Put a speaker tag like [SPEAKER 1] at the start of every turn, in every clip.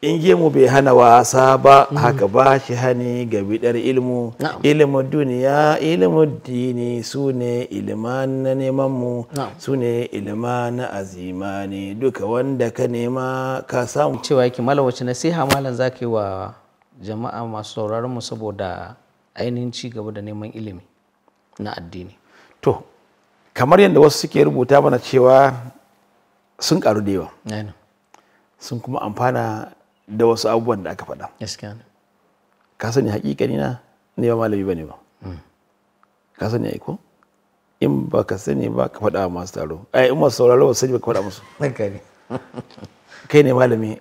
[SPEAKER 1] in mu bai hana wasa ba mm-hmm. haka ba shi hani ga bidar ilmu ilimin duniya ilimin dini su ne iliman na neman mu su ne ilma na azima ne duka wanda ka nema ka samu cewa yake malam wacce nasiha malam za ka yi wa jama'a masu sauraron mu saboda ainihin ci gaba da neman ilimi na addini to kamar yadda wasu suke rubuta mana cewa sun karu da yawa sun kuma amfana da wasu abubuwan da aka faɗa ka sani hakikani na ne ba malami ba ne mm. ba ka sani ya iko in ba ka sani ba ka faɗa masu taro ai in masu sauraro ba sani ba ka faɗa musu kai ne malami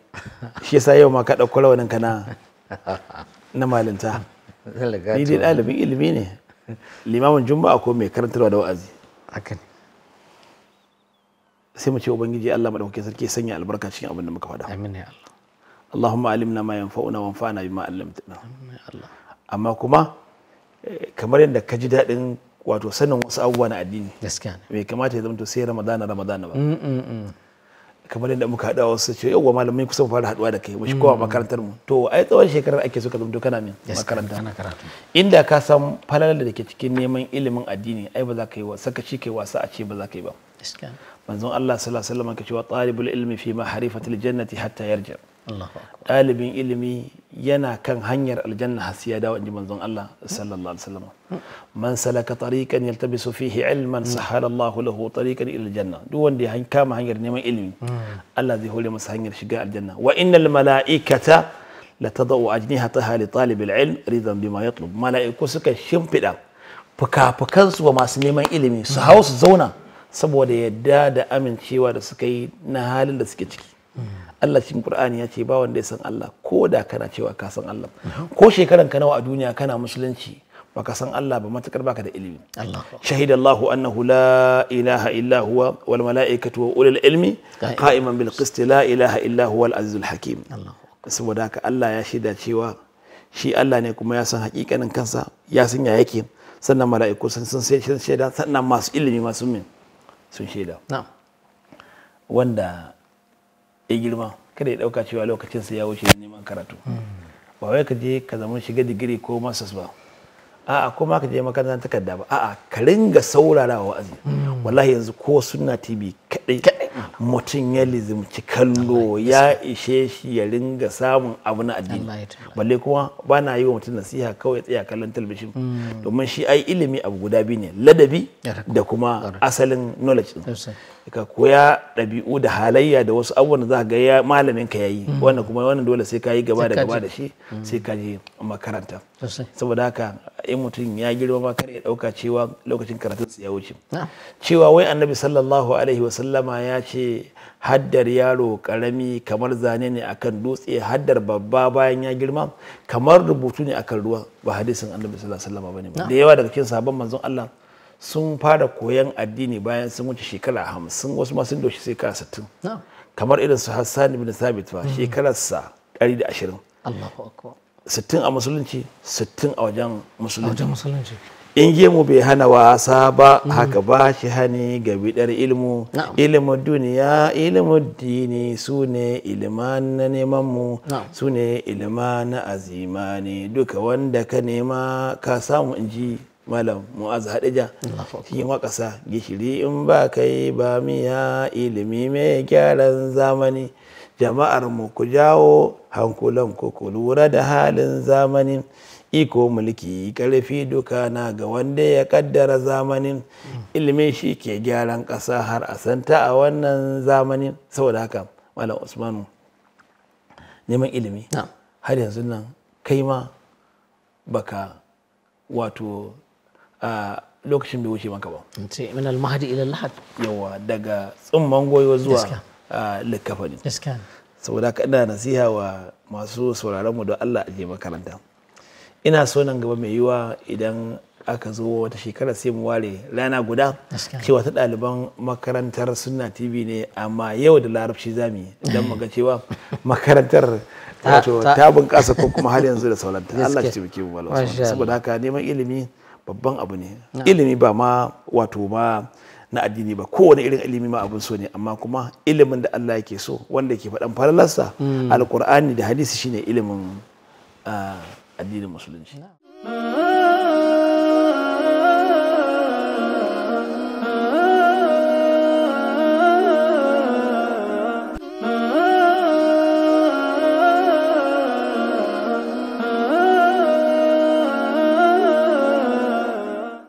[SPEAKER 1] shi yasa yau ma ka ɗauko rawanin ka na na malinta ni dai ɗalibin ilimi ne limamin juma'a ko mai karantarwa da wa'azi sai mu ce ubangiji Allah madaukakin sarki sanya albarka cikin abin da muka faɗa amin ya Allah Allahumma alimna ma yanfa'una wanfa'na bima 'allamtana amma kuma eh, kamar yadda ka ji daɗin wato sanin wasu abubuwa na addini gaskiya bai kamata ya zama to sai ramadana ramadana ba mm, mm, mm. kamar yadda muka haɗa wasu ce yau malamai kusa mu fara haɗuwa da kai mu kowa makarantar mu to ai tsawon shekarar ake so ka zama kana min makaranta inda ka san falalar da ke cikin neman ilimin addini ai ba za ka yi wasa ka ci kai wasa a ce ba za ka yi ba manzon Allah sallallahu alaihi wasallam ka ce wa talibul ilmi fi ma harifatil jannati hatta yarja ɗalibin ilimi yana kan hanyar aljanna hasiya dawo inji manzon Allah sallallahu alaihi wasallam man salaka tariqan yaltabisu fihi ilman sahala Allah lahu tariqan ila aljanna duk wanda ya kama hanyar neman ilimi Allah zai hore masa hanyar shiga aljanna wa innal malaikata latadau ajnihataha li talib alilm ridan bima yatlub malaiku suka shimfida fuka-fukansu wa masu neman ilimi su hau su zauna saboda yadda da amincewa da suka yi na halin da suke ciki Allah cikin Qur'ani ya ce ba wanda ya san Allah ko da kana cewa ka san Allah ko shekaran ka nawa a duniya kana musulunci baka san Allah ba matakar baka da ilimi shahida Allahu annahu la ilaha illa huwa wal malaikatu wa ulul ilmi qa'iman bil qist la ilaha illa huwa al azizul hakim saboda haka Allah ya shaida cewa shi Allah ne kuma ya san hakikanin kansa ya san ya yake sannan mala'iku sun sun shaida sannan masu ilimi masu min sun shaida wanda ya girma kada ya dauka cewa lokacin sa ya wuce neman karatu ba wai ka je ka zama shiga digiri ko masters ba a'a kuma ka je makarantar takarda ba a'a ka ringa saurara wa wa'azi wallahi yanzu ko suna tv kadai mutum ya lizimci kallo ya ishe shi ya ringa samun abu na addini balle kuma ba na yi wa mutum nasiha kawai tsaya kallon talabishin mm. domin shi ai ilimi abu guda biyu ne ladabi da kuma asalin knowledge ka koya ɗabi'u da halayya da wasu abubuwan da za ga ya malamin ka yayi mm. wannan kuma wannan dole sai ka yi gaba da gaba da shi mm. sai ka je makaranta saboda haka in mutum ya girma ma kar ya dauka cewa lokacin karatun ya wuce cewa wai annabi sallallahu alaihi wasallama ya ce haddar yaro karami kamar zane ne akan dutse haddar babba bayan ya girma kamar rubutu ne akan ruwa ba hadisin annabi sallallahu alaihi wasallama bane ba da yawa daga cikin sabon manzon Allah sun fara koyan addini bayan sun wuce shekara hamsin wasu ma sun doshi shekara sittin kamar irin su Hassan ibn Sabit ba mm-hmm. shekararsa ɗari da ashirin sittin a musulunci sittin a wajen musulunci in mu bai hana wasa ba haka ba shi hani ga biɗar ilmu ilimin duniya ilimin dini su ne iliman na neman mu su ne ilma na azima ne duka wanda ka nema ka samu in ji malam mu'az hadija shi wakasa gishiri in ba kai ba miya ilimi mai gyaran zamani jama'ar mu ku jawo hankulan ku lura da halin zamanin iko mulki karfi duka na ga wanda ya kaddara zamanin ilimin shi ke gyaran ƙasa har a santa a wannan zamanin saboda haka malam usmanu neman ilimi har yanzu nan kai ma baka wato a lokacin bai wuce maka ba. Ce min lahad. Yawa daga tsumman goyo zuwa a likkafa saboda haka ina nasiha wa masu sauraron mu don Allah a je makaranta ina so nan gaba mai yiwa idan aka zo wata shekara sai mu ware rana guda cewa ta ɗaliban makarantar sunna tv ne amma yau da larabci zami don mu ga cewa makarantar ta bunƙasa ko kuma har yanzu da sauranta Allah ya taimake mu saboda haka neman ilimi babban abu ne ilimi ba ma wato ma na addini ba kowane irin ilimi ma abin so ne amma kuma ilimin da Allah yake so wanda ke faɗan falalarsa hmm. alkur'ani da hadisi shine ilimin ah, addinin musulunci.